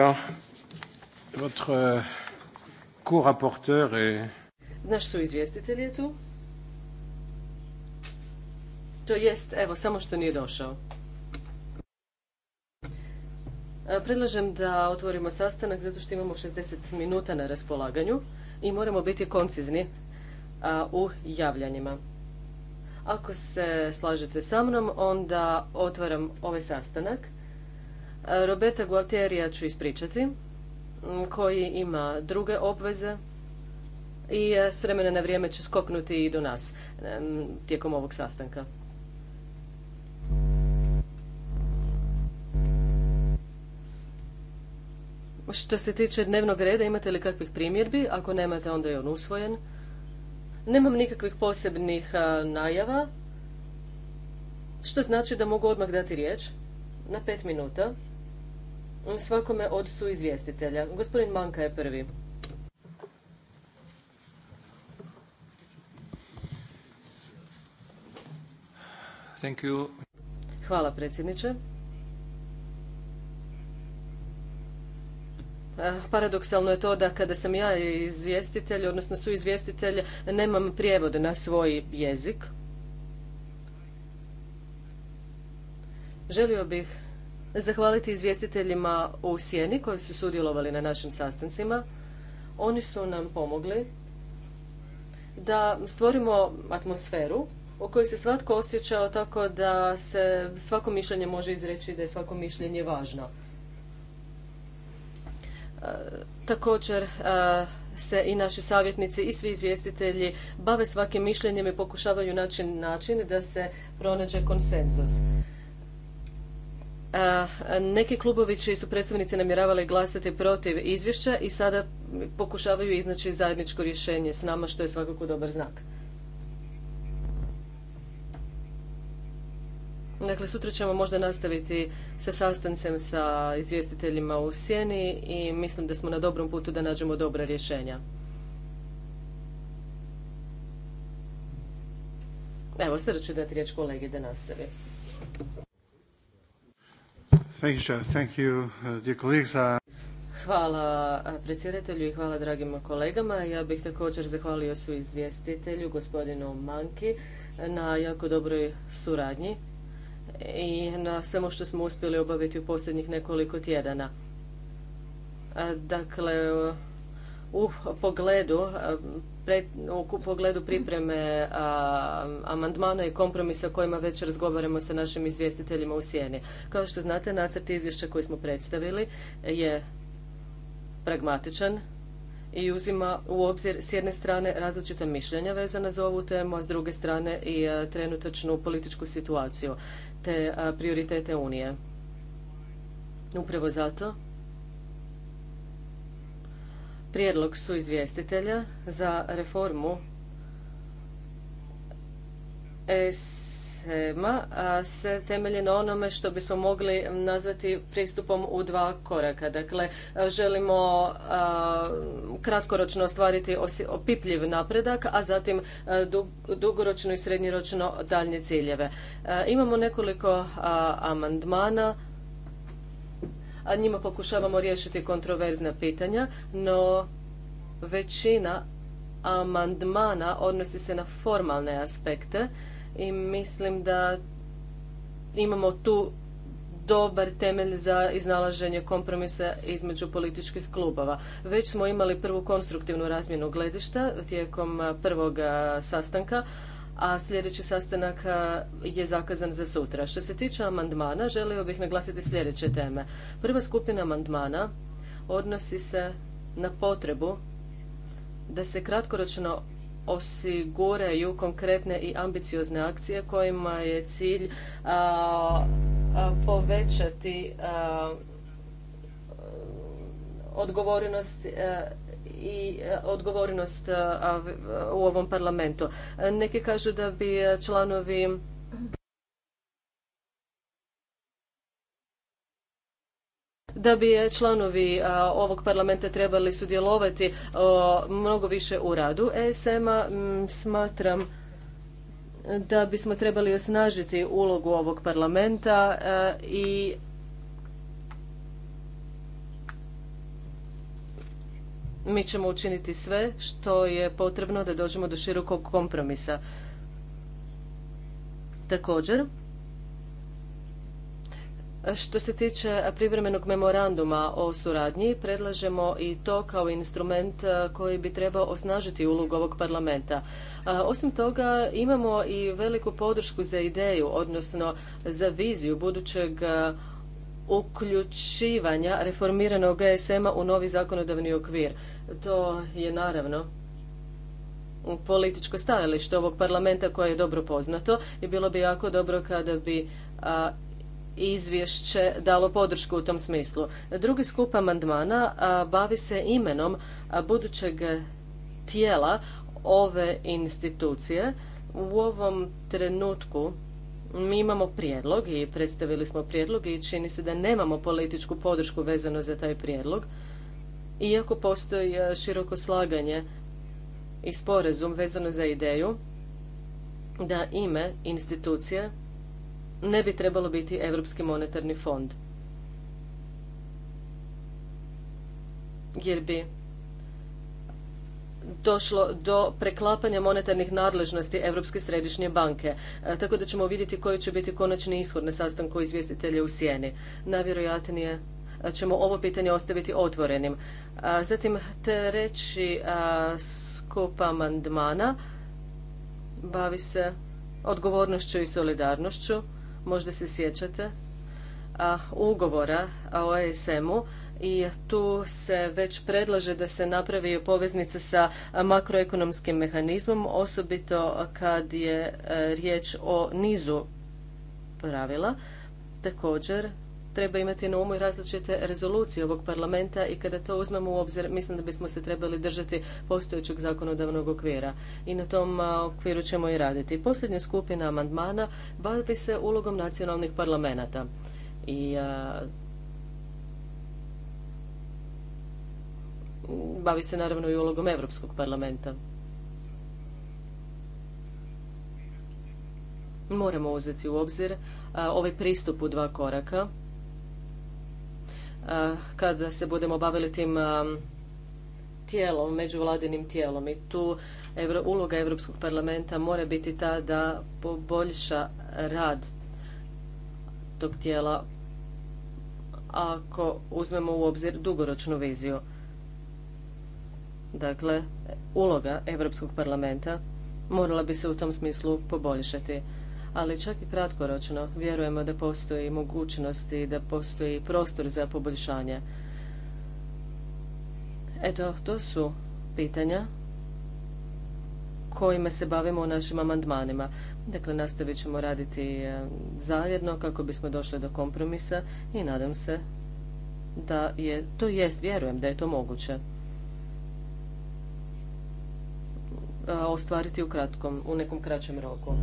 Euh, Naš su izvjestitelj je tu. To jest, evo, samo što nije došao. Predlažem da otvorimo sastanak zato što imamo 60 minuta na raspolaganju i moramo biti koncizni u javljanjima. Ako se slažete sa mnom, onda otvaram ovaj sastanak. Roberta Gualtierija ću ispričati, koji ima druge obveze i e, s vremena na vrijeme će skoknuti i do nas tijekom ovog sastanka. Što se tiče dnevnog reda, imate li kakvih primjedbi? Ako nemate, onda je on usvojen. Nemam nikakvih posebnih e, najava, što znači da mogu odmah dati riječ na pet minuta svakome od suizvjestitelja. Gospodin Manka je prvi. Thank you. Hvala predsjedniče. Paradoksalno je to da kada sam ja izvjestitelj, odnosno su izvjestitelj, nemam prijevod na svoj jezik. Želio bih zahvaliti izvjestiteljima u Sjeni koji su sudjelovali na našim sastancima. Oni su nam pomogli da stvorimo atmosferu u kojoj se svatko osjećao tako da se svako mišljenje može izreći da je svako mišljenje važno. E, također e, se i naši savjetnici i svi izvjestitelji bave svakim mišljenjem i pokušavaju naći način da se pronađe konsenzus neki klubovi čiji su predstavnici namjeravali glasati protiv izvješća i sada pokušavaju iznaći zajedničko rješenje s nama, što je svakako dobar znak. Dakle, sutra ćemo možda nastaviti sa sastancem sa izvjestiteljima u Sjeni i mislim da smo na dobrom putu da nađemo dobra rješenja. Evo, sada ću dati riječ kolegi da nastavi. Uh, uh, hvala uh, predsjedatelju i hvala dragim kolegama. Ja bih također zahvalio su izvjestitelju, gospodinu Manki, na jako dobroj suradnji i na svemu što smo uspjeli obaviti u posljednjih nekoliko tjedana. Dakle, u pogledu eh, u pogledu pripreme eh, amandmana i kompromisa o kojima već razgovaramo sa našim izvjestiteljima u sjeni. Kao što znate, nacrt izvješća koji smo predstavili je pragmatičan i uzima u obzir s jedne strane različita mišljenja vezana za ovu temu, a s druge strane i eh, trenutačnu političku situaciju te prioritete Unije. Upravo zato prijedlog su izvjestitelja za reformu SMA se temelji na onome što bismo mogli nazvati pristupom u dva koraka. Dakle, želimo kratkoročno ostvariti opipljiv napredak, a zatim dugoročno i srednjoročno daljnje ciljeve. Imamo nekoliko amandmana a njima pokušavamo riješiti kontroverzna pitanja, no većina amandmana odnosi se na formalne aspekte i mislim da imamo tu dobar temelj za iznalaženje kompromisa između političkih klubova. Već smo imali prvu konstruktivnu razmjenu gledišta tijekom prvog sastanka, a sljedeći sastanak e, je zakazan za sutra. Što se tiče amandmana, želio bih naglasiti sljedeće teme. Prva skupina amandmana odnosi se na potrebu da se kratkoročno osiguraju konkretne i ambiciozne akcije kojima je cilj povećati odgovornost e, i e, odgovornost e, u ovom parlamentu. Neki kažu da bi e, članovi da bi članovi ovog parlamenta trebali sudjelovati mnogo više u radu ESM-a. Smatram da bismo trebali osnažiti ulogu ovog parlamenta i Mi ćemo učiniti sve što je potrebno da dođemo do širokog kompromisa. Također, što se tiče privremenog memoranduma o suradnji, predlažemo i to kao instrument koji bi trebao osnažiti ulogu ovog parlamenta. Osim toga, imamo i veliku podršku za ideju, odnosno za viziju budućeg uključivanja reformiranog GSM-a e u novi zakonodavni okvir. To je naravno političko stajalište ovog parlamenta koje je dobro poznato i bilo bi jako dobro kada bi izvješće dalo podršku u tom smislu. Drugi skup amandmana bavi se imenom a, budućeg tijela ove institucije. U ovom trenutku mi imamo prijedlog i predstavili smo prijedlog i čini se da nemamo političku podršku vezano za taj prijedlog, iako postoji e, široko slaganje i sporazum vezano za ideju da ime institucija ne bi trebalo biti Europski monetarni fond. Jer bi došlo do preklapanja monetarnih nadležnosti Europske središnje banke. E, tako da ćemo vidjeti koji će biti konačni ishod na sastanku izvjestitelja u sjeni. Najvjerojatnije e, ćemo ovo pitanje ostaviti otvorenim. E, zatim treći skup amandmana bavi se odgovornošću i solidarnošću. Možda se sjećate ugovora o ESM-u i tu se već predlaže da se napravi poveznica sa makroekonomskim mehanizmom, osobito kad je e, riječ o nizu pravila. Također, treba imati na umu i različite rezolucije ovog parlamenta i kada to uzmemo u obzir, mislim da bismo se trebali držati postojećeg zakonodavnog okvira i na tom okviru ćemo i raditi. Posljednja skupina amandmana bavi se ulogom nacionalnih parlamenata i bavi se naravno i ulogom Europskog parlamenta. Moramo uzeti u obzir ovaj pristup u dva koraka. kada se budemo bavili tim tijelom, međuvladinim tijelom i tu uloga Europskog parlamenta mora biti ta da poboljša rad tog tijela ako uzmemo u obzir dugoročnu viziju. Dakle, uloga Europskog parlamenta morala bi se u tom smislu poboljšati. Ali čak i kratkoročno vjerujemo da postoji mogućnosti, da postoji prostor za poboljšanje. Eto, to su pitanja kojima se bavimo u našim amandmanima. Dakle, nastavit ćemo raditi e, zajedno kako bismo došli do kompromisa i nadam se da je, to jest, vjerujem da je to moguće. ostvariti u, kratkom, u nekom kraćem roku.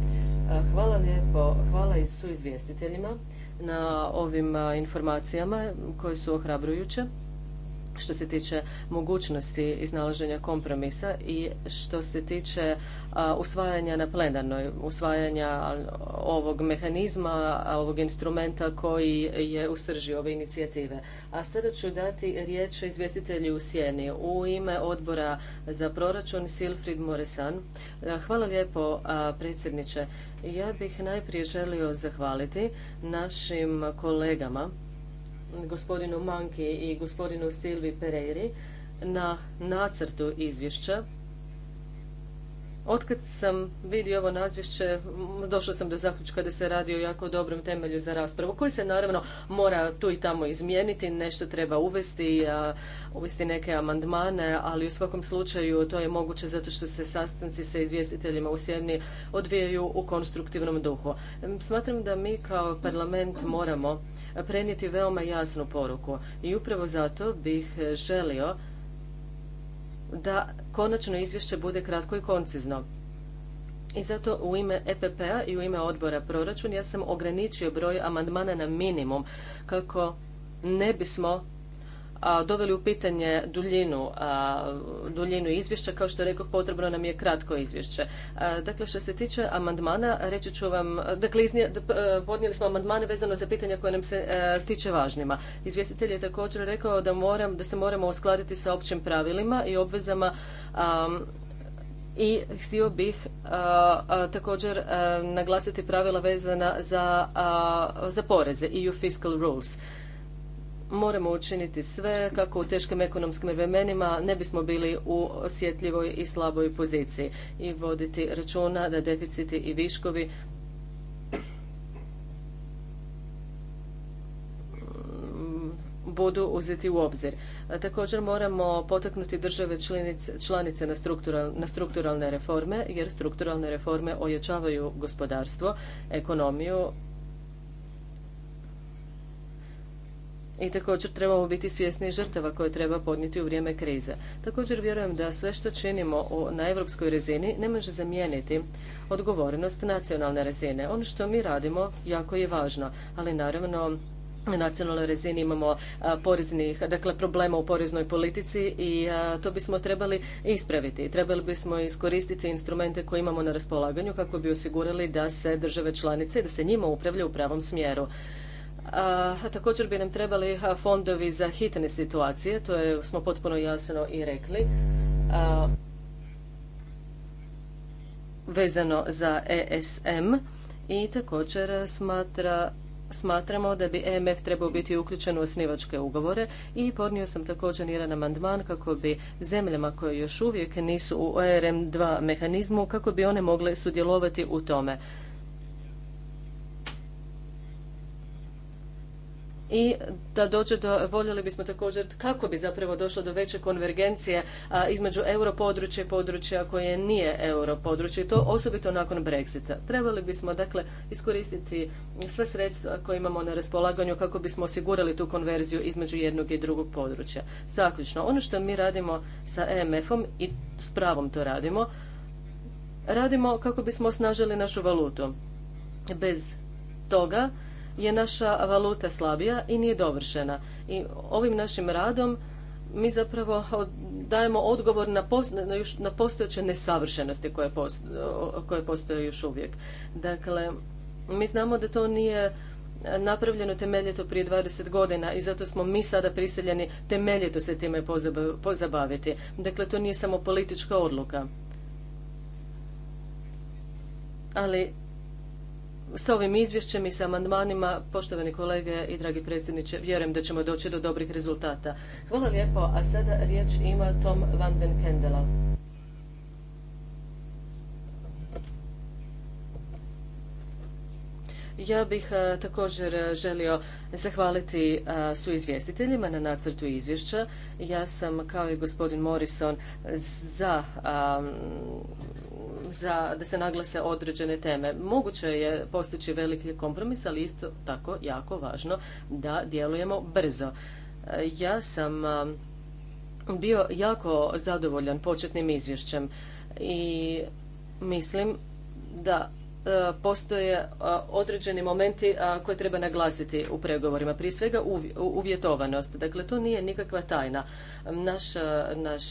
Hvala lijepo, hvala su izvjestiteljima na ovim informacijama koje su ohrabrujuće što se tiče mogućnosti iznalaženja kompromisa i što se tiče usvajanja na plenarnoj, usvajanja ovog mehanizma, ovog instrumenta koji je u srži ove inicijative. A sada ću dati riječ izvjestitelju u Sjeni u ime odbora za proračun Silfrid Moresan. Hvala lijepo predsjedniče. Ja bih najprije želio zahvaliti našim kolegama gospodinu Manki i gospodinu Silvi Pereri na nacrtu izvješća Otkad sam vidio ovo nazvišće, došla sam do zaključka da se radi o jako dobrom temelju za raspravu, koji se naravno mora tu i tamo izmijeniti, nešto treba uvesti, uvesti neke amandmane, ali u svakom slučaju to je moguće zato što se sastanci sa izvjestiteljima u Sjedni odvijaju u konstruktivnom duhu. Smatram da mi kao parlament moramo prenijeti veoma jasnu poruku i upravo zato bih e, želio da konačno izvješće bude kratko i koncizno. I zato u ime EPP-a i u ime odbora proračun ja sam ograničio broj amandmana na minimum kako ne bismo doveli u pitanje duljinu, duljinu izvješća. Kao što je rekao, potrebno nam je kratko izvješće. Dakle, što se tiče amandmana, reći ću vam, dakle, podnijeli smo amandmane vezano za pitanja koje nam se e, tiče važnima. Izvjestitelj je također rekao da, moram, da se moramo uskladiti sa općim pravilima i obvezama i htio bih također e, naglasiti pravila vezana za, za poreze, EU fiscal rules moramo učiniti sve kako u teškim ekonomskim vremenima ne bismo bili u osjetljivoj i slaboj poziciji i voditi računa da deficiti i viškovi mm, budu uzeti u obzir. Također moramo potaknuti države članice na, na strukturalne reforme jer strukturalne reforme ojačavaju gospodarstvo, ekonomiju i također trebamo biti svjesni žrtava koje treba podnijeti u vrijeme krize. Također vjerujem da sve što činimo na europskoj razini ne može zamijeniti odgovornost nacionalne razine. Ono što mi radimo jako je važno, ali naravno na nacionalnoj razini imamo poreznih, dakle problema u poreznoj politici i to bismo trebali ispraviti. Trebali bismo iskoristiti instrumente koje imamo na raspolaganju kako bi osigurali da se države članice, da se njima upravlja u pravom smjeru. Također bi nam trebali fondovi za hitne situacije, to je, smo potpuno jasno i rekli, vezano za ESM i također smatra Smatramo da bi EMF trebao biti uključen u osnivačke ugovore i podnio sam također jedan amandman kako bi zemljama koje još uvijek nisu u ERM2 mehanizmu, kako bi one mogle sudjelovati u tome. i da dođe do, voljeli bismo također kako bi zapravo došlo do veće konvergencije a, između europodručja i područja koje nije europodručje i to osobito nakon Brexita. Trebali bismo dakle iskoristiti sve sredstva koje imamo na raspolaganju kako bismo osigurali tu konverziju između jednog i drugog područja. Zaključno, ono što mi radimo sa EMF-om i s pravom to radimo, radimo kako bismo osnažili našu valutu. Bez toga je naša valuta slabija i nije dovršena. I ovim našim radom mi zapravo dajemo odgovor na, postojeće nesavršenosti koje, koje postoje još uvijek. Dakle, mi znamo da to nije napravljeno temeljito prije 20 godina i zato smo mi sada prisiljeni temeljito se time pozabaviti. Dakle, to nije samo politička odluka. Ali s ovim izvješćem i sa amandmanima, poštovani kolege i dragi predsjedniče, vjerujem da ćemo doći do dobrih rezultata. Hvala lijepo, a sada riječ ima Tom van den Ja bih također želio zahvaliti su izvjestiteljima na nacrtu izvješća. Ja sam kao i gospodin Morrison za za, da se naglase određene teme. Moguće je postići veliki kompromis, ali isto tako jako važno da djelujemo brzo. E, ja sam bio jako zadovoljan početnim izvješćem i mislim da E, postoje e, određeni momenti koje treba naglasiti u pregovorima. Prije svega uvjetovanost. Dakle, to nije nikakva tajna. Naš, e, naš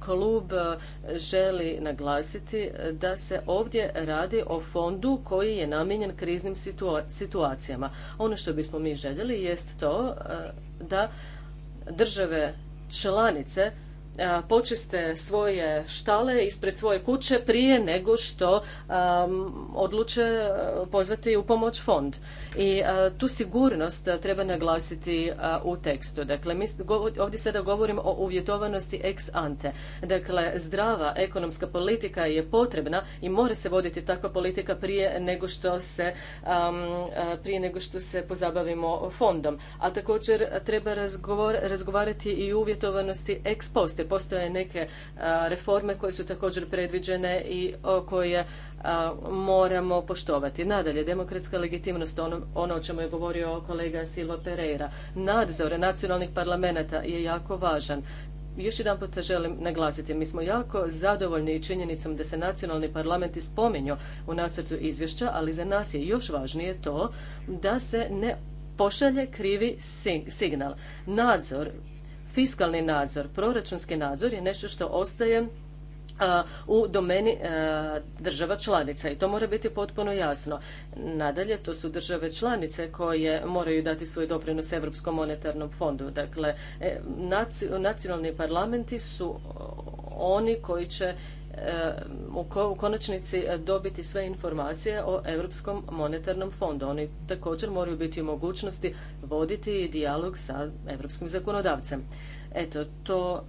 klub želi naglasiti da se ovdje radi o fondu koji je namijenjen kriznim situacijama. Ono što bismo mi željeli jest to da države članice počiste svoje štale ispred svoje kuće prije nego što odluče pozvati u pomoć fond. I tu sigurnost treba naglasiti u tekstu. Dakle, mi ovdje sada govorim o uvjetovanosti ex ante. Dakle, zdrava ekonomska politika je potrebna i mora se voditi takva politika prije nego što se prije nego što se pozabavimo fondom. A također treba razgovarati i uvjetovanosti ex post Postoje neke reforme koje su također predviđene i koje moramo poštovati. Nadalje, demokratska legitimnost, ono, ono, o čemu je govorio kolega Silva Pereira. Nadzor nacionalnih parlamenta je jako važan. Još jedan puta želim naglasiti, mi smo jako zadovoljni činjenicom da se nacionalni parlament spominju u nacrtu izvješća, ali za nas je još važnije to da se ne pošalje krivi signal. Nadzor fiskalni nadzor, proračunski nadzor je nešto što ostaje u domeni država članica i to mora biti potpuno jasno. Nadalje, to su države članice koje moraju dati svoj doprinos Europskom monetarnom fondu. Dakle, e, nacionalni parlamenti su oni koji će E, u konačnici e, dobiti sve informacije o Europskom monetarnom fondu. Oni također moraju biti u mogućnosti voditi dijalog sa europskim zakonodavcem. Eto, to,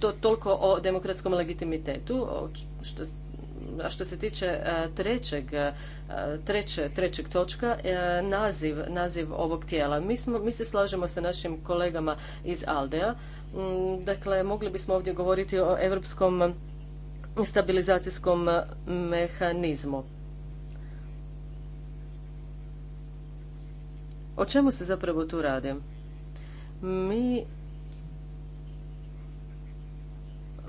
to toliko o demokratskom legitimitetu. Što, a što se tiče e, trećeg, treće, trećeg točka, naziv, naziv ovog tijela. Mi, smo, mi se slažemo sa našim kolegama iz Aldea. Mm, dakle, mogli bismo ovdje govoriti o Europskom stabilizacijskom e, mehanizmu. O čemu se zapravo tu radi? Mi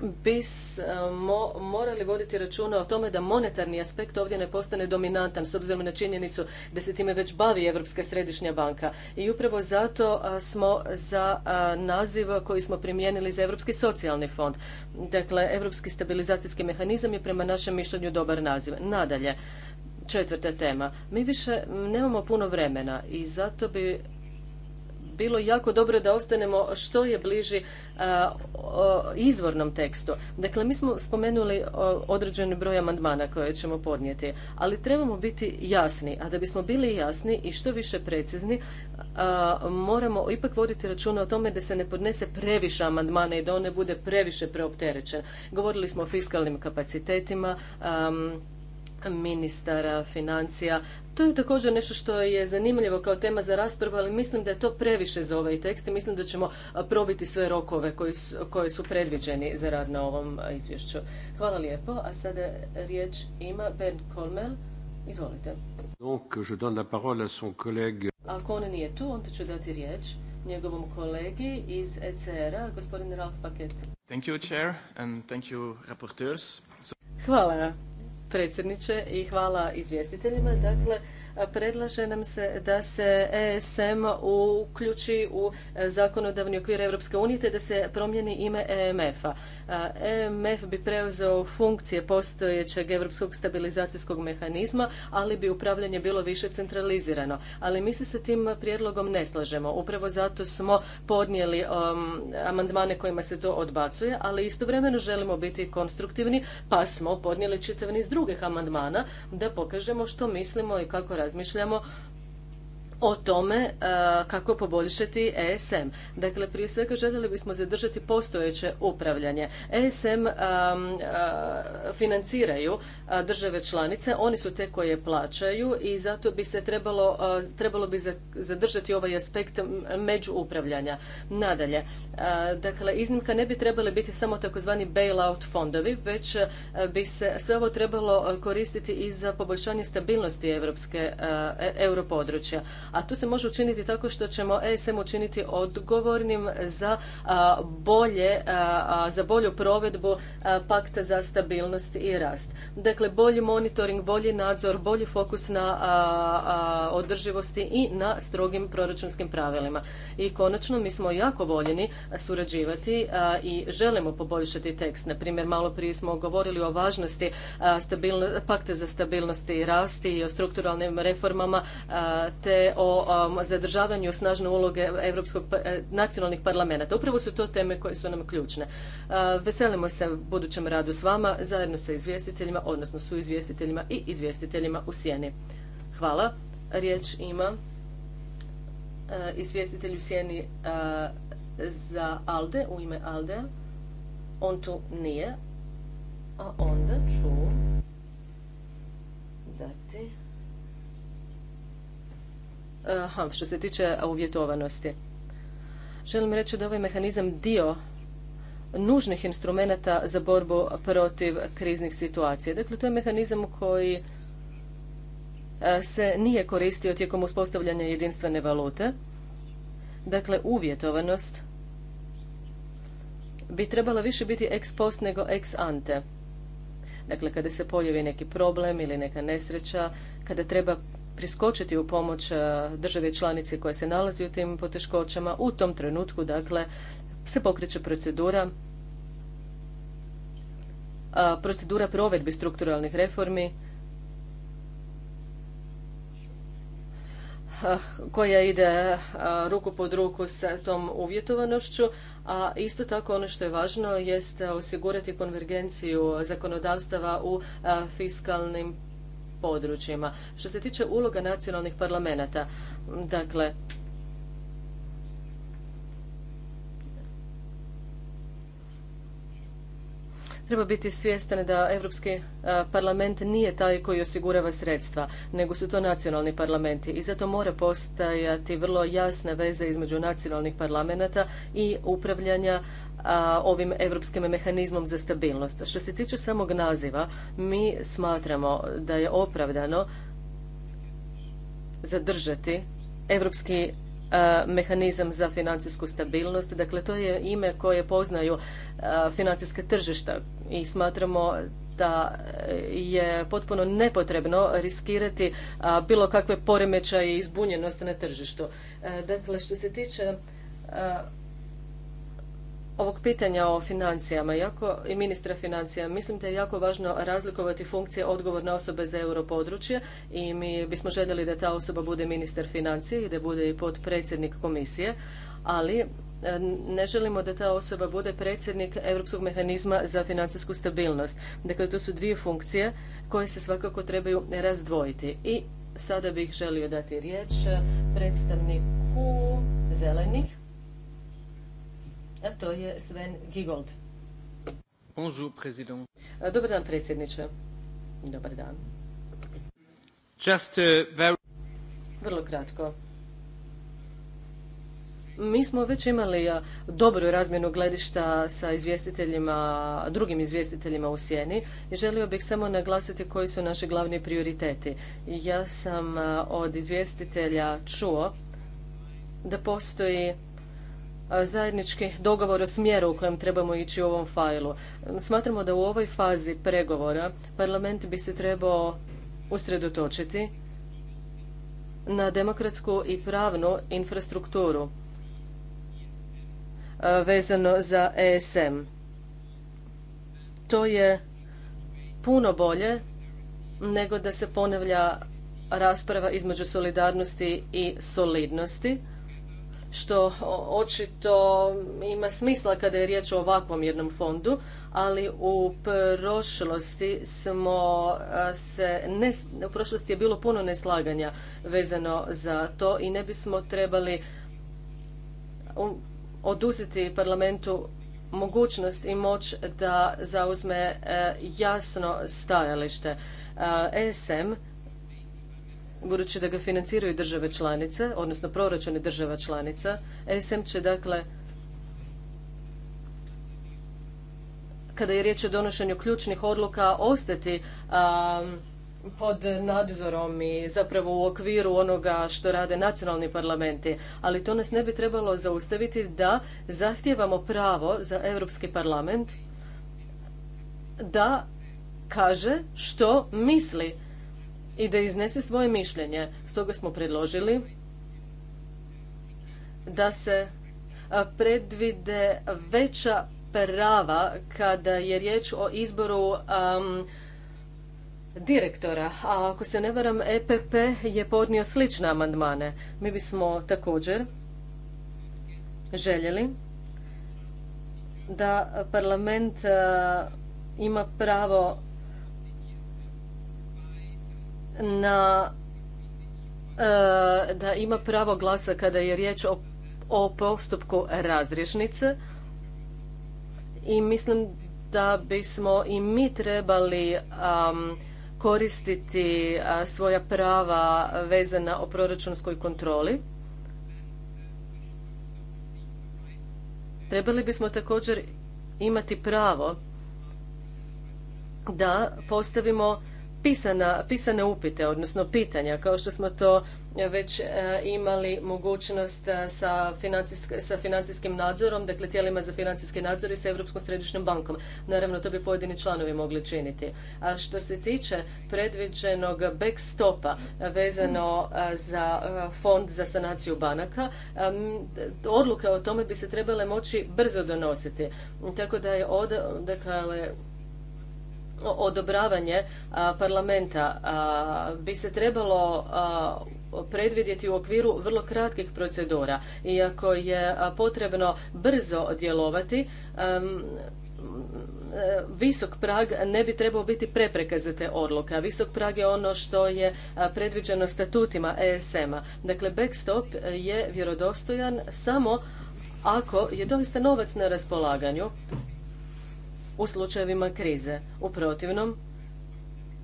bismo eh, morali voditi računa o tome da monetarni aspekt ovdje ne postane dominantan s obzirom na činjenicu da se time već bavi Europska središnja banka. I upravo zato eh, smo za eh, naziv koji smo primijenili za Europski socijalni fond. Dakle, Europski stabilizacijski mehanizam je prema našem mišljenju dobar naziv. Nadalje, četvrta tema. Mi više nemamo puno vremena i zato bi bilo jako dobro da ostanemo što je bliži izvornom tekstu. Dakle, mi smo spomenuli određeni broj amandmana koje ćemo podnijeti, ali trebamo biti jasni, a da bismo bili jasni i što više precizni, moramo ipak voditi računa o tome da se ne podnese previše amandmana i da on ne bude previše preopterećen. Govorili smo o fiskalnim kapacitetima, ministara financija. To je također nešto što je zanimljivo kao tema za raspravu, ali mislim da je to previše za ovaj tekst i mislim da ćemo probiti sve rokove koji su, predviđeni za rad na ovom izvješću. Hvala lijepo, a sada riječ ima Ben Kolmel. Izvolite. parole Ako on nije tu, onda ću dati riječ njegovom kolegi iz ECR-a, gospodin Ralf Paket. Hvala predsjedniče i hvala izvjestiteljima. Dakle, predlaže nam se da se ESM uključi u zakonodavni okvir Europske unije te da se promijeni ime EMF-a. EMF bi preuzeo funkcije postojećeg europskog stabilizacijskog mehanizma, ali bi upravljanje bilo više centralizirano. Ali mi se sa tim prijedlogom ne slažemo. Upravo zato smo podnijeli um, amandmane kojima se to odbacuje, ali istovremeno želimo biti konstruktivni, pa smo podnijeli čitav niz drugih amandmana da pokažemo što mislimo i kako razmišljamo o tome e, kako poboljšati ESM. Dakle, prije svega željeli bismo zadržati postojeće upravljanje. ESM e, e, financiraju države članice, oni su te koje plaćaju i zato bi se trebalo, trebalo bi zadržati ovaj aspekt upravljanja Nadalje, dakle, iznimka ne bi trebali biti samo takozvani bailout fondovi, već bi se sve ovo trebalo koristiti i za poboljšanje stabilnosti europske europodručja a to se može učiniti tako što ćemo ESM učiniti odgovornim za bolje, za bolju provedbu pakta za stabilnost i rast. Dakle, bolji monitoring, bolji nadzor, bolji fokus na održivosti i na strogim proračunskim pravilima. I konačno, mi smo jako voljeni surađivati i želimo poboljšati tekst. Na primjer, malo prije smo govorili o važnosti pakta za stabilnost i rast i o strukturalnim reformama te o um, zadržavanju snažne uloge Europskog pa, eh, nacionalnih parlamenta. Upravo su to teme koje su nam ključne. Eh, veselimo se budućem radu s vama, zajedno sa izvjestiteljima, odnosno su izvjestiteljima i izvjestiteljima u sjeni. Hvala. Riječ ima eh, izvjestitelj u sjeni za Alde, u ime Alde. On tu nije, a onda ću dati Aha, eh, što se tiče uvjetovanosti. Želim reći da ovaj mehanizam dio nužnih instrumenata za borbu protiv kriznih situacija. Dakle, to je mehanizam koji eh, se nije koristio tijekom uspostavljanja jedinstvene valute. Dakle, uvjetovanost bi trebala više biti ex post nego ex ante. Dakle, kada se pojavi neki problem ili neka nesreća, kada treba priskočiti u pomoć e, države članici koja se nalazi u tim poteškoćama. U tom trenutku, dakle, se pokreće procedura procedura provedbi strukturalnih reformi koja ide ruku pod ruku sa tom uvjetovanošću, a isto tako ono što je važno jest osigurati konvergenciju zakonodavstava u fiskalnim područjima. Što se tiče uloga nacionalnih parlamenta, dakle, treba biti svjestan da Europski parlament nije taj koji osigurava sredstva, nego su to nacionalni parlamenti i zato mora postajati vrlo jasna veza između nacionalnih parlamenta i upravljanja ovim europskim mehanizmom za stabilnost. Što se tiče samog naziva, mi smatramo da je opravdano zadržati europski mehanizam za financijsku stabilnost. Dakle, to je ime koje poznaju financijske tržišta i smatramo da je potpuno nepotrebno riskirati bilo kakve poremećaje i izbunjenost na tržištu. Dakle, što se tiče ovog pitanja o financijama jako, i ministra financija, mislim da je jako važno razlikovati funkcije odgovorne osobe za europodručje i mi bismo željeli da ta osoba bude ministar financija i da bude i potpredsjednik komisije, ali e, ne želimo da ta osoba bude predsjednik Europskog mehanizma za financijsku stabilnost. Dakle, to su dvije funkcije koje se svakako trebaju razdvojiti. I sada bih želio dati riječ predstavniku zelenih a to je Sven Gigold. Bonjour, président. E, dobar dan, predsjedniče. Dobar dan. Uh, Vrlo kratko. Mi smo već imali e, dobru razmjenu gledišta sa izvjestiteljima, drugim izvjestiteljima u Sjeni i želio bih samo naglasiti koji su naši glavni prioriteti. Ja sam e, od izvjestitelja čuo da postoji zajednički dogovor o smjeru u kojem trebamo ići u ovom fajlu. Smatramo da u ovoj fazi pregovora parlament bi se trebao usredotočiti na demokratsku i pravnu infrastrukturu vezano za ESM. To je puno bolje nego da se ponavlja rasprava između solidarnosti i solidnosti što očito ima smisla kada je riječ o ovakvom jednom fondu, ali u prošlosti smo se, ne, u prošlosti je bilo puno neslaganja vezano za to i ne bismo trebali oduzeti parlamentu mogućnost i moć da zauzme e, jasno stajalište. ESM budući da ga financiraju države članice, odnosno proračuni država članica, ESM će dakle kada je riječ o donošenju ključnih odluka ostati pod nadzorom i zapravo u okviru onoga što rade nacionalni parlamenti, ali to nas ne bi trebalo zaustaviti da zahtijevamo pravo za Europski parlament da kaže što misli i da iznese svoje mišljenje. Stoga smo predložili da se predvide veća prava kada je riječ o izboru direktora. A ako se ne varam, EPP je podnio slične amandmane. Mi bismo također željeli da parlament ima pravo na e, da ima pravo glasa kada je riječ o, postupku razrješnice i mislim da bismo i mi trebali koristiti svoja prava vezana o proračunskoj kontroli. Trebali bismo također imati pravo da postavimo pisana, pisane upite, odnosno pitanja, kao što smo to e, već e, imali mogućnost e, sa, financijskim nadzorom, dakle tijelima za financijski nadzor i sa Europskom središnjom bankom. Naravno, to bi pojedini članovi mogli činiti. A što se tiče predviđenog backstopa vezano za fond za sanaciju banaka, odluke o tome bi se trebale moći brzo donositi. Tako da je dakle, odobravanje parlamenta bi se trebalo predvidjeti u okviru vrlo kratkih procedura. Iako je potrebno brzo djelovati, visok prag ne bi trebao biti prepreka za te odluke. Visok prag je ono što je predviđeno statutima ESM-a. Dakle, backstop je vjerodostojan samo ako je doista novac na raspolaganju u slučajevima krize. U protivnom,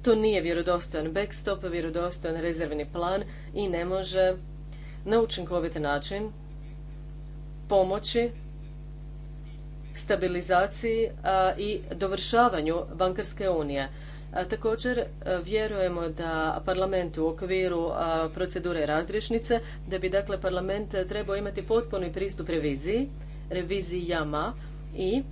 to nije vjerodostojan backstop, vjerodostojan rezervni plan i ne može na učinkovit način pomoći stabilizaciji i dovršavanju bankarske unije. također e, vjerujemo da parlament u okviru procedure razrješnice, da bi dakle parlament trebao imati potpuni pristup reviziji, revizijama i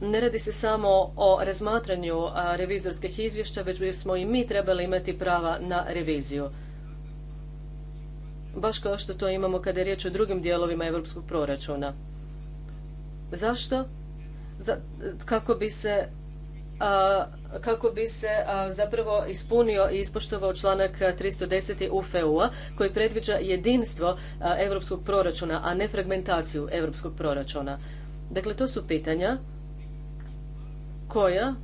ne radi se samo o razmatranju revizorskih izvješća, već smo i mi trebali imati prava na reviziju. Baš kao što to imamo kada je riječ o drugim dijelovima Evropskog proračuna. Zašto? Kako bi se kako bi se zapravo ispunio i ispoštovao članak 310. UFU-a koji predviđa jedinstvo Evropskog proračuna, a ne fragmentaciju europskog proračuna. Dakle, to su pitanja koja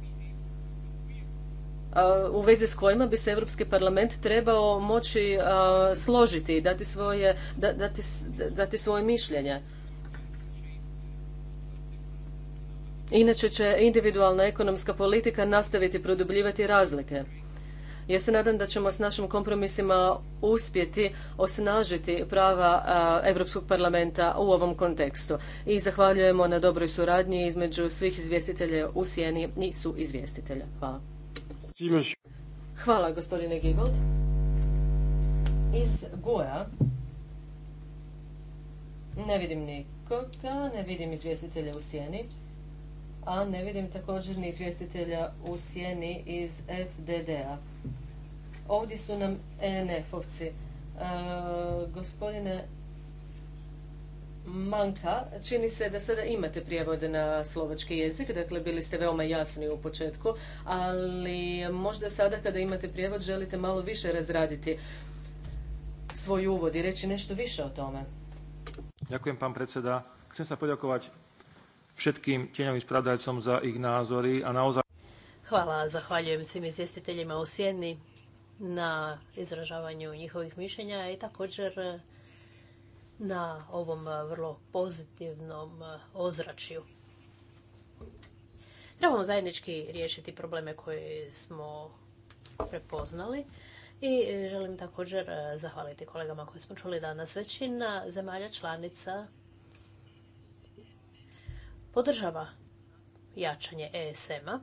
u vezi s kojima bi se Europski parlament trebao moći složiti i dati svoje, dati, dati svoje mišljenje. Inače će individualna ekonomska politika nastaviti produbljivati razlike. Ja se nadam da ćemo s našim kompromisima uspjeti osnažiti prava Europskog parlamenta u ovom kontekstu. I zahvaljujemo na dobroj suradnji između svih izvjestitelja u Sjeni i izvjestitelja. Hvala. Hvala, gospodine Gigold. Iz Goja ne vidim nikoga, ne vidim izvjestitelja u Sjeni a ne vidim također ni izvjestitelja u sjeni iz FDD-a. Ovdje su nam ENF-ovci. E, gospodine Manka, čini se da sada imate prijevode na slovački jezik, dakle bili ste veoma jasni u početku, ali možda sada kada imate prijevod želite malo više razraditi svoj uvod i reći nešto više o tome. Ďakujem, pán predseda. Chcem sa všetkým tieňovým za ich názory a naozaj... Hvala, zahvaljujem svim izvjestiteljima u Sjeni na izražavanju njihovih mišljenja i također na ovom vrlo pozitivnom ozračju. Trebamo zajednički riješiti probleme koje smo prepoznali i želim također zahvaliti kolegama koje smo čuli danas. Većina zemalja članica podržava jačanje ESM-a.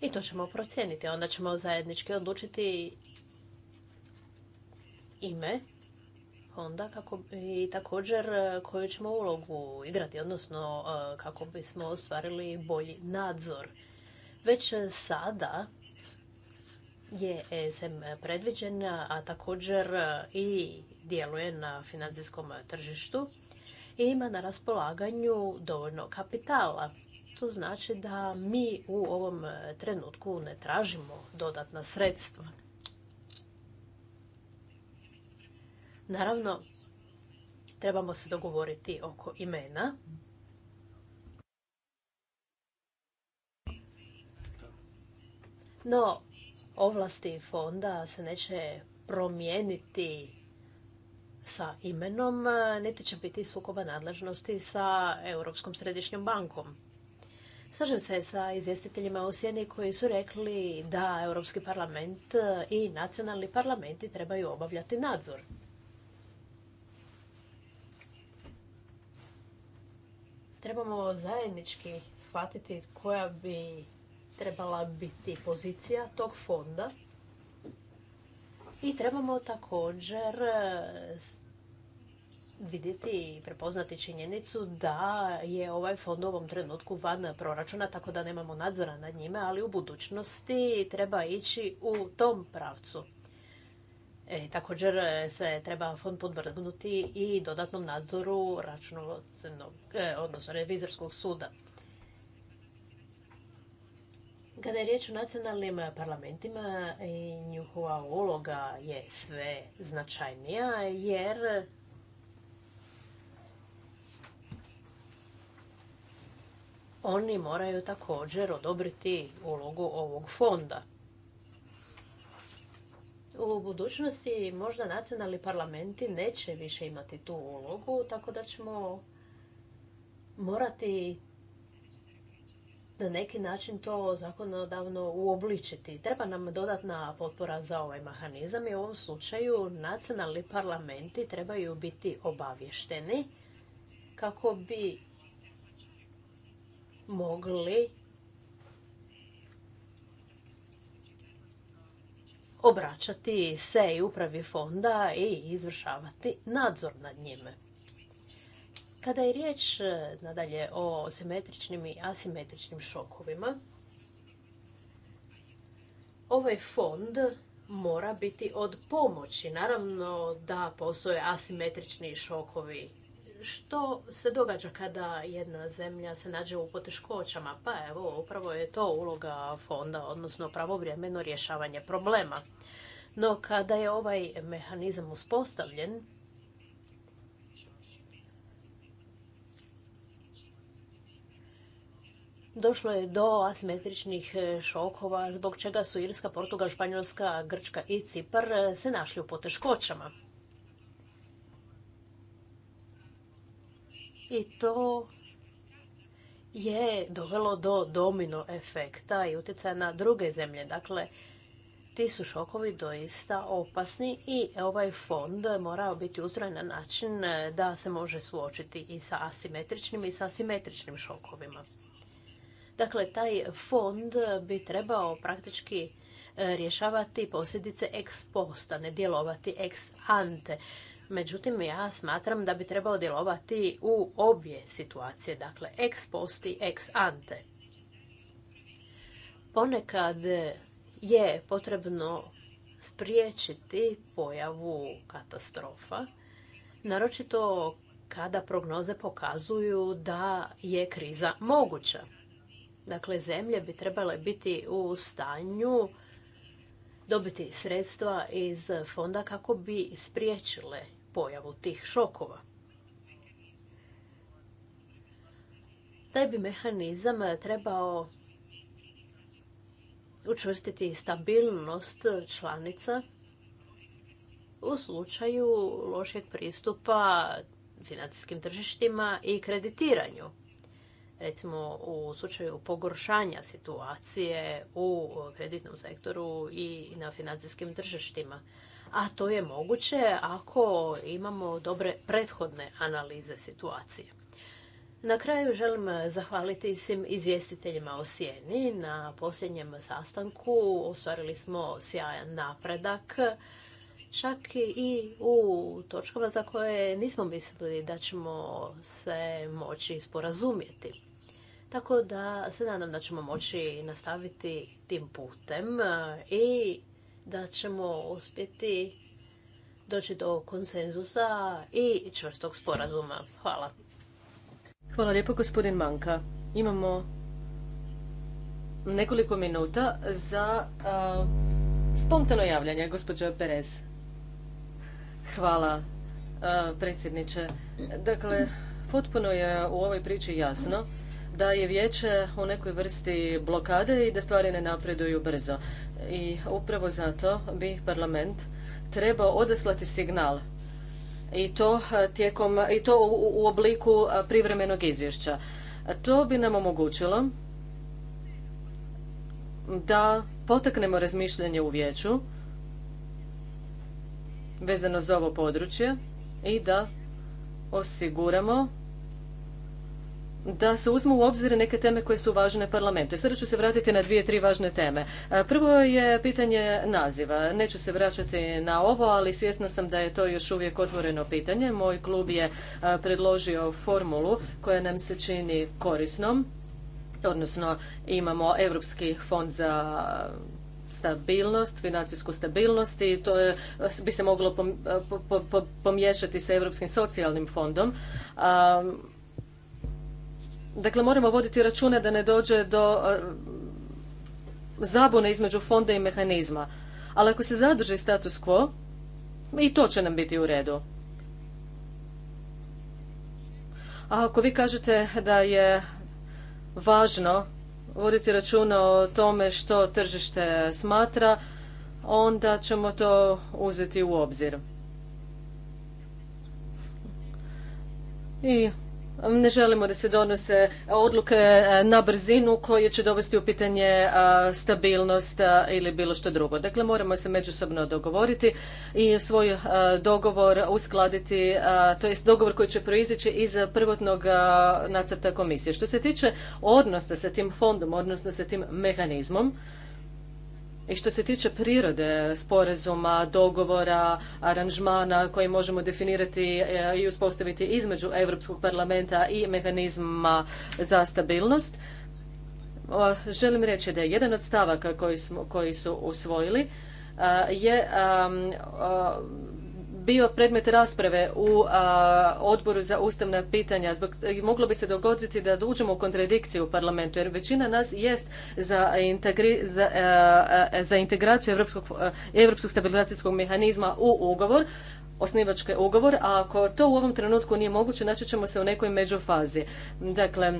I to ćemo procijeniti. Onda ćemo zajednički odlučiti ime onda kako i također koju ćemo ulogu igrati, odnosno e, kako bismo ostvarili bolji nadzor. Već sada je ESM predviđen, a također e, i djeluje na financijskom tržištu i ima na raspolaganju dovoljno kapitala. To znači da mi u ovom e, trenutku ne tražimo dodatna sredstva. Naravno, trebamo se dogovoriti oko imena. No, ovlasti fonda se neće promijeniti sa imenom, niti će biti sukoba nadležnosti sa Europskom središnjom bankom. Slažem se sa izvjestiteljima u Sjeni koji su rekli da Europski parlament i nacionalni parlamenti trebaju obavljati nadzor. Trebamo zajednički shvatiti koja bi trebala biti pozicija tog fonda. I trebamo također e, vidjeti i prepoznati činjenicu da je ovaj fond u ovom trenutku van proračuna, tako da nemamo nadzora nad njime, ali u budućnosti treba ići u tom pravcu. E, također e, se treba fond podvrgnuti i dodatnom nadzoru računovodstvenog, odnosno revizorskog suda. Kada je riječ o nacionalnim eh, parlamentima, eh, njihova uloga je sve značajnija jer oni moraju također odobriti ulogu ovog fonda. U budućnosti možda nacionalni parlamenti neće više imati tu ulogu, tako da ćemo morati na neki način to zakonodavno uobličiti. Treba nam dodatna potpora za ovaj mehanizam i u ovom slučaju nacionalni parlamenti trebaju biti obavješteni kako bi mogli obraćati se i upravi fonda i izvršavati nadzor nad njime. Kada je riječ e, nadalje o simetričnim i asimetričnim šokovima, ovaj fond mora biti od pomoći. Naravno da postoje asimetrični šokovi. Što se događa kada jedna zemlja se nađe u poteškoćama? Pa evo, upravo je to uloga fonda, odnosno pravovremeno rješavanje problema. No kada je ovaj mehanizam uspostavljen, došlo je do asimetričnih e, šokova, zbog čega su Irska, Portugal, Španjolska, Grčka i Cipar e, se našli u poteškoćama. I to je dovelo do domino efekta i utjecaja na druge zemlje. Dakle, ti su šokovi doista opasni i ovaj fond morao biti ustrojen na način e, da se može suočiti i sa asimetričnim i sa asimetričnim šokovima. Dakle, taj fond bi trebao praktički e, rješavati posljedice ex posta, ne djelovati ex ante. Međutim, ja smatram da bi trebao djelovati u obje situacije, dakle ex post i ex ante. Ponekad je potrebno spriječiti pojavu katastrofa, naročito kada prognoze pokazuju da je kriza moguća. Dakle, zemlje bi trebale biti u stanju dobiti sredstva iz fonda kako bi spriječile pojavu tih šokova. Taj bi mehanizam trebao učvrstiti stabilnost članica u slučaju lošeg pristupa financijskim tržištima i kreditiranju recimo u slučaju pogoršanja situacije u kreditnom sektoru i na financijskim tržištima. A to je moguće ako imamo dobre prethodne analize situacije. Na kraju želim zahvaliti svim izvjestiteljima o Sjeni. Na posljednjem sastanku ostvarili smo sjajan napredak, čak i u točkama za koje nismo mislili da ćemo se moći sporazumjeti. Tako da se nadam da ćemo moći nastaviti tim putem e, i da ćemo uspjeti doći do konsenzusa i čvrstog sporazuma. Hvala. Hvala lijepo gospodin Manka. Imamo nekoliko minuta za e, spontano javljanje, gospođo Perez. Hvala e, predsjedniče. Dakle, potpuno je u ovoj priči jasno da je vijeće u nekoj vrsti blokade i da stvari ne napreduju brzo. I upravo zato bi parlament trebao odeslati signal i to e, tijekom i to u, u obliku e, privremenog izvješća. To bi nam omogućilo da potaknemo razmišljanje u vijeću vezano za ovo područje i da osiguramo da se uzmu u obzir neke teme koje su važne parlamentu. I sada ću se vratiti na dvije, tri važne teme. Prvo je pitanje naziva. Neću se vraćati na ovo, ali svjesna sam da je to još uvijek otvoreno pitanje. Moj klub je predložio formulu koja nam se čini korisnom, odnosno imamo Europski fond za stabilnost, financijsku stabilnost i to bi se moglo pomiješati sa Europskim socijalnim fondom. A Dakle, moramo voditi račune da ne dođe do e, zabune između fonda i mehanizma. Ali ako se zadrži status quo, i to će nam biti u redu. A ako vi kažete da je važno voditi računa o tome što tržište smatra, onda ćemo to uzeti u obzir. I ne želimo da se donose odluke e, na brzinu koje će dovesti u pitanje e, stabilnost e, ili bilo što drugo. Dakle, moramo se međusobno dogovoriti i svoj dogovor uskladiti, to jest dogovor koji će proizići iz prvotnog nacrta komisije. Što se tiče odnosa sa tim fondom, odnosno sa tim mehanizmom, i što se tiče prirode sporazuma, dogovora, aranžmana koji možemo definirati e, i uspostaviti između Europskog parlamenta i mehanizma za stabilnost, želim reći da je jedan od stavaka koji, koji su usvojili e, je bio predmet rasprave u odboru za ustavna pitanja. Zbog, moglo bi se dogoditi da uđemo u kontradikciju u parlamentu, jer većina nas jest za, integraciju Europskog, Europskog stabilizacijskog mehanizma u ugovor, osnivački ugovor, a ako to u ovom trenutku nije moguće, naći ćemo se u nekoj međufazi. Dakle,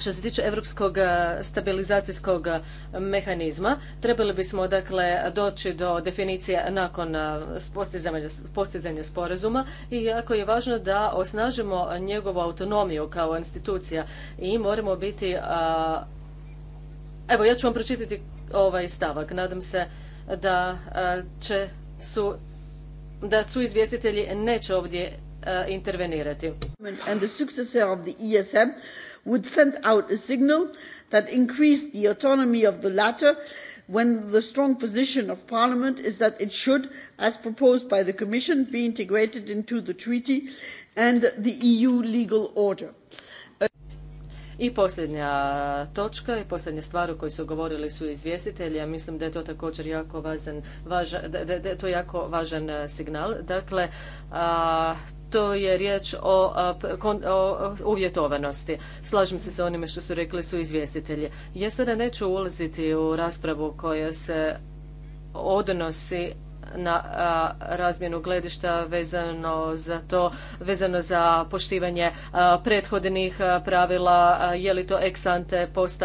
što se tiče europskog e, stabilizacijskog e, mehanizma, trebali bismo dakle doći do definicije nakon e, postizanja, sporazuma i jako je važno da osnažimo njegovu autonomiju kao institucija i moramo biti... Evo, ja ću vam pročitati ovaj stavak. Nadam se da će su da su izvjestitelji neće ovdje intervenirati. ESM would send out a signal that increased the autonomy of the latter when the strong position of parliament is that it should as proposed by the commission be integrated into the treaty and the eu legal order. I posljednja točka i posljednja stvar o kojoj su govorili su izvjestitelji, a mislim da je to također jako važan, važan, da, to jako važan e, signal. Dakle, to je riječ o, uvjetovanosti. Slažem se sa onime što su rekli su izvjestitelji. Ja sada neću ulaziti u raspravu koja se odnosi na razmjenu gledišta vezano za to, vezano za poštivanje prethodnih pravila, je li to ex ante, post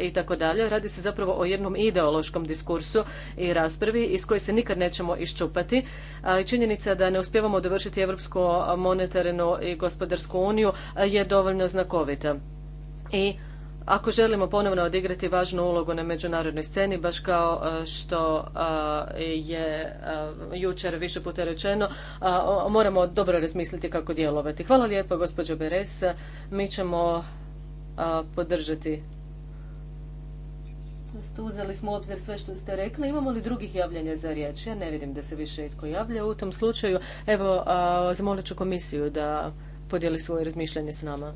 i tako dalje. Radi se zapravo o jednom ideološkom diskursu i raspravi iz koje se nikad nećemo iščupati. Činjenica da ne uspijevamo dovršiti Europsku monetarnu i gospodarsku uniju je dovoljno znakovita. I ako želimo ponovno odigrati važnu ulogu na međunarodnoj sceni, baš kao e, što e, je e, jučer više puta rečeno, moramo dobro razmisliti kako djelovati. Hvala lijepo, gospođo Beres. Mi ćemo podržati. Uzeli smo u obzir sve što ste rekli. Imamo li drugih javljanja za riječ? Ja ne vidim da se više itko javlja. U tom slučaju, evo, zamolit ću komisiju da podijeli svoje razmišljanje s nama.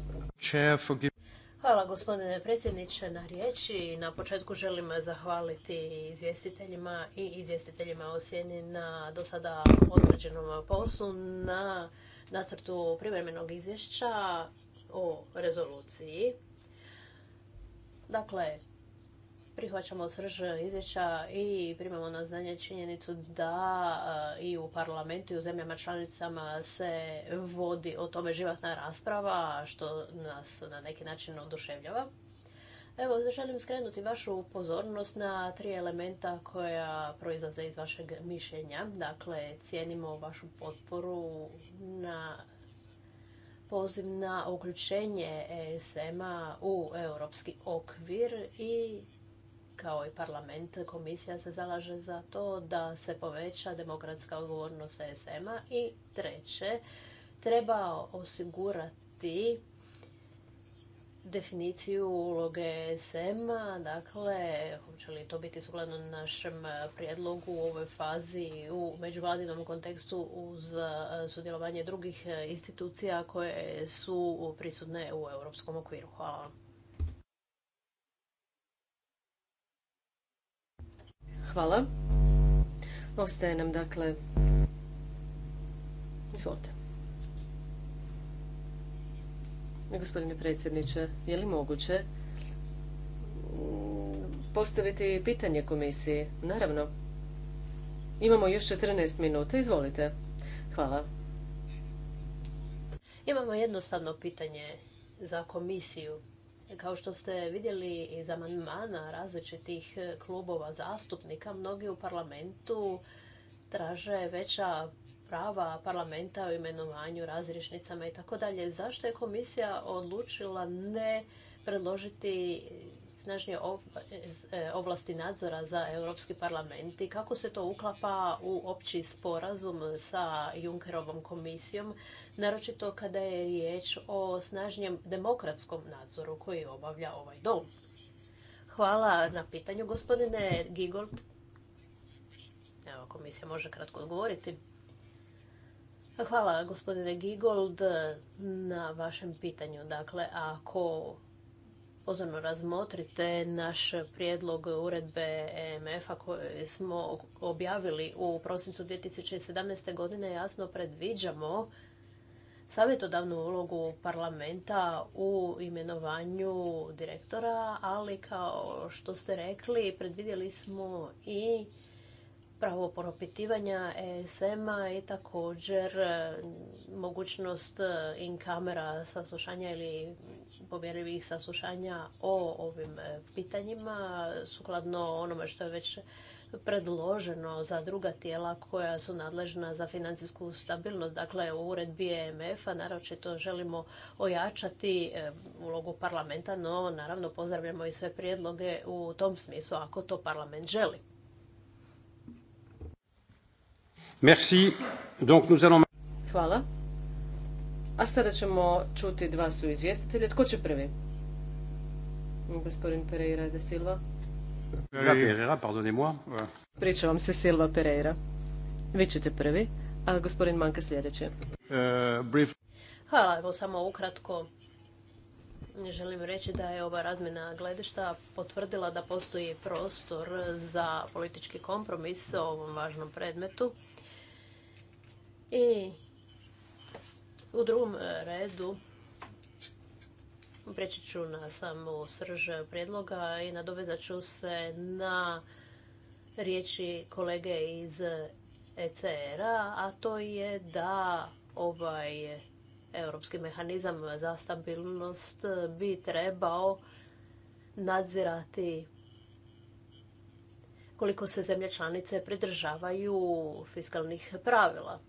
Hvala gospodine predsjedniče na riječi. Na početku želim zahvaliti izvjestiteljima i izvjestiteljima osjeni na do sada određenom poslu na nacrtu privremenog izvješća o rezoluciji. Dakle, prihvaćamo srž izvješća i primamo na znanje činjenicu da e, i u parlamentu i u zemljama članicama se vodi o tome životna rasprava, što nas na neki način oduševljava. Evo, želim skrenuti vašu pozornost na tri elementa koja proizlaze iz vašeg mišljenja. Dakle, cijenimo vašu potporu na poziv na uključenje ESM-a u europski okvir i kao i parlament, komisija se zalaže za to da se poveća demokratska odgovornost ESM-a i treće, treba osigurati definiciju uloge esm a dakle, hoće li to biti sukladno našem prijedlogu u ovoj fazi u međuvladinom kontekstu uz e, sudjelovanje drugih institucija koje su prisutne u europskom okviru. Hvala vam. Hvala. Ostaje nam dakle... Izvolite. Gospodine predsjedniče, je li moguće mm, postaviti pitanje komisiji? Naravno. Imamo još 14 minuta. Izvolite. Hvala. Imamo jednostavno pitanje za komisiju. Kao što ste vidjeli iz amandmana različitih e, klubova zastupnika, mnogi u parlamentu traže veća prava parlamenta u imenovanju, razrišnicama i tako dalje. Zašto je komisija odlučila ne predložiti snažnije e, ovlasti nadzora za Europski parlament i kako se to uklapa u opći sporazum sa Junckerovom komisijom, naročito kada je riječ o snažnijem demokratskom nadzoru koji obavlja ovaj dom. Hvala na pitanju, gospodine Gigold. Evo, komisija može kratko odgovoriti. Hvala, gospodine Gigold, na vašem pitanju. Dakle, ako pozorno razmotrite naš prijedlog uredbe EMF-a koji smo objavili u prosincu 2017. godine jasno predviđamo savjetodavnu ulogu parlamenta u imenovanju direktora, ali kao što ste rekli predvidjeli smo i pravo propitivanja ESM-a i također e, mogućnost e, in kamera saslušanja ili povjerljivih saslušanja o ovim e, pitanjima sukladno onome što je već predloženo za druga tijela koja su nadležna za financijsku stabilnost. Dakle, u uredbi EMF-a naročito želimo ojačati ulogu parlamenta, no naravno pozdravljamo i sve prijedloge u tom smislu ako to parlament želi. Merci. Donc nous allons... Hvala. A sada ćemo čuti dva su izvjestitelja. Tko će prvi? Gospodin Pereira da Silva. Pereira, pardonnez-moi. vam se Silva Pereira. Vi ćete prvi, a gospodin Manka sljedeće. Uh, Hvala, evo samo ukratko. Želim reći da je ova razmjena gledišta potvrdila da postoji prostor za politički kompromis o ovom važnom predmetu. I u drugom e, redu preći ću na samo srž predloga i nadovezat ću se na riječi kolege iz ECR-a, a to je da ovaj europski mehanizam za stabilnost bi trebao nadzirati koliko se zemlje članice pridržavaju fiskalnih pravila.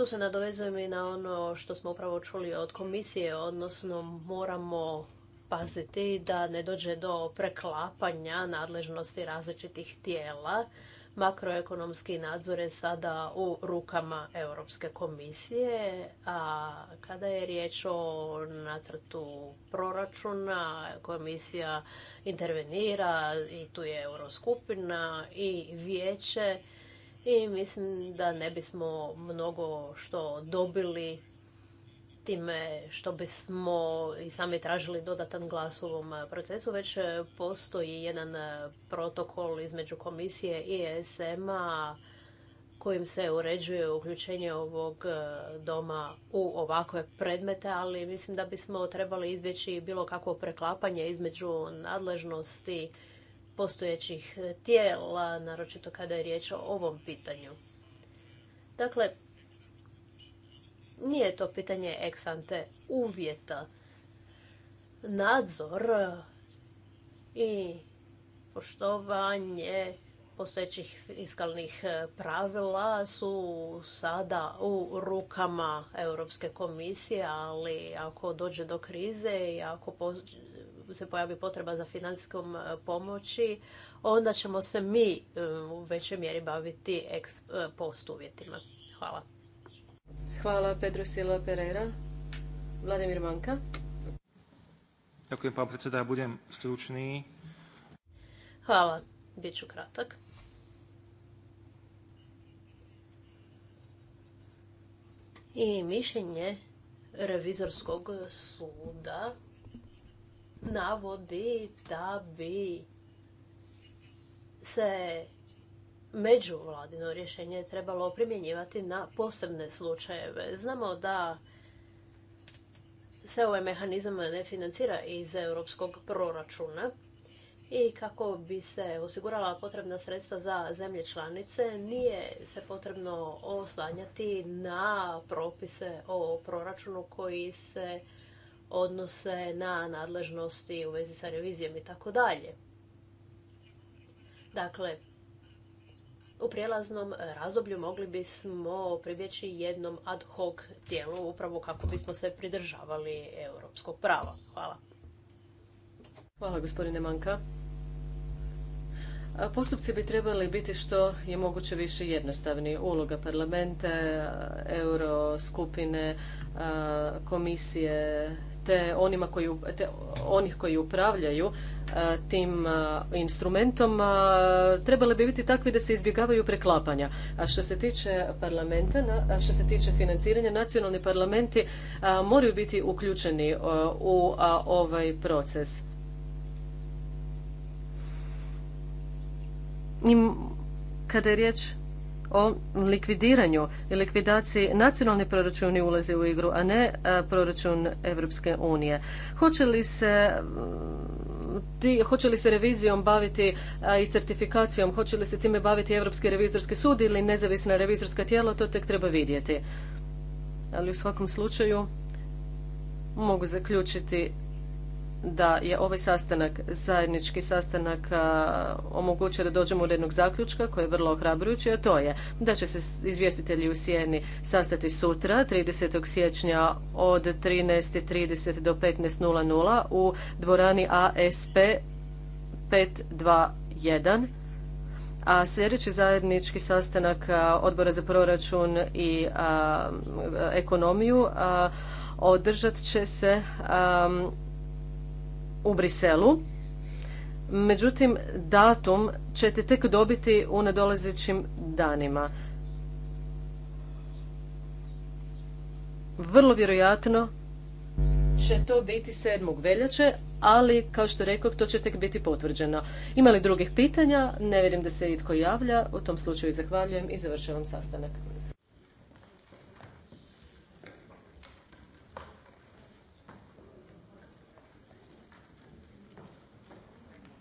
Tu se nadovezujem i na ono što smo upravo čuli od komisije, odnosno moramo paziti da ne dođe do preklapanja nadležnosti različitih tijela. Makroekonomski nadzor je sada u rukama Europske komisije, a kada je riječ o nacrtu proračuna, komisija intervenira i tu je Euroskupina i vijeće i mislim da ne bismo mnogo što dobili time što bismo i sami tražili dodatan glas u ovom procesu, već postoji jedan protokol između komisije i ESM-a kojim se uređuje uključenje ovog doma u ovakve predmete, ali mislim da bismo trebali izbjeći bilo kakvo preklapanje između nadležnosti postojećih e, tijela, naročito kada je riječ o ovom pitanju. Dakle, nije to pitanje eksante uvjeta. Nadzor i poštovanje postojećih fiskalnih e, pravila su sada u rukama Europske komisije, ali ako dođe do krize i ako se pojavi potreba za financijskom e, pomoći, onda ćemo se mi e, u većoj mjeri baviti e, post uvjetima. Hvala. Hvala Pedro Silva Pereira. Vladimir Manka. pa pán da budem stručni. Hvala, bit ću kratak. I mišljenje revizorskog suda navodi da bi se međuvladino rješenje trebalo primjenjivati na posebne slučajeve. Znamo da se ovaj mehanizam ne financira iz europskog proračuna i kako bi se osigurala potrebna sredstva za zemlje članice nije se potrebno oslanjati na propise o proračunu koji se odnose na nadležnosti u vezi sa revizijom i tako dalje. Dakle, u prijelaznom razdoblju mogli bismo pribjeći jednom ad hoc tijelu upravo kako bismo se pridržavali europskog prava. Hvala. Hvala gospodine Manka. Postupci bi trebali biti što je moguće više jednostavni. Uloga parlamenta, euro skupine, komisije, te, onima koji, onih koji upravljaju e, tim e, instrumentom trebale bi biti takvi da se izbjegavaju preklapanja. A što se tiče parlamenta, a što se tiče financiranja, nacionalni parlamenti moraju biti uključeni e, u ovaj proces. kada je riječ o likvidiranju i likvidaciji nacionalni proračuni ulaze u igru, a ne e, proračun Europske unije. Hoće li se mm, hoće li se revizijom baviti e, i certifikacijom, hoće li se time baviti Europski revizorski sud ili nezavisna revizorska tijela, to tek treba vidjeti. Ali u svakom slučaju mogu zaključiti da je ovaj sastanak, zajednički sastanak omogućio da dođemo do jednog zaključka koji je vrlo ohrabrujući, a to je da će se izvjestitelji u Sijeni sastati sutra 30. siječnja od 13.30 do 15.00 u dvorani ASP 521 a sljedeći zajednički sastanak Odbora za proračun i ekonomiju a, održat će se u Briselu. Međutim, datum ćete tek dobiti u nadolazećim danima. Vrlo vjerojatno će to biti 7. veljače, ali kao što rekao, to će tek biti potvrđeno. Ima li drugih pitanja? Ne vidim da se itko javlja. U tom slučaju zahvaljujem i završavam sastanak.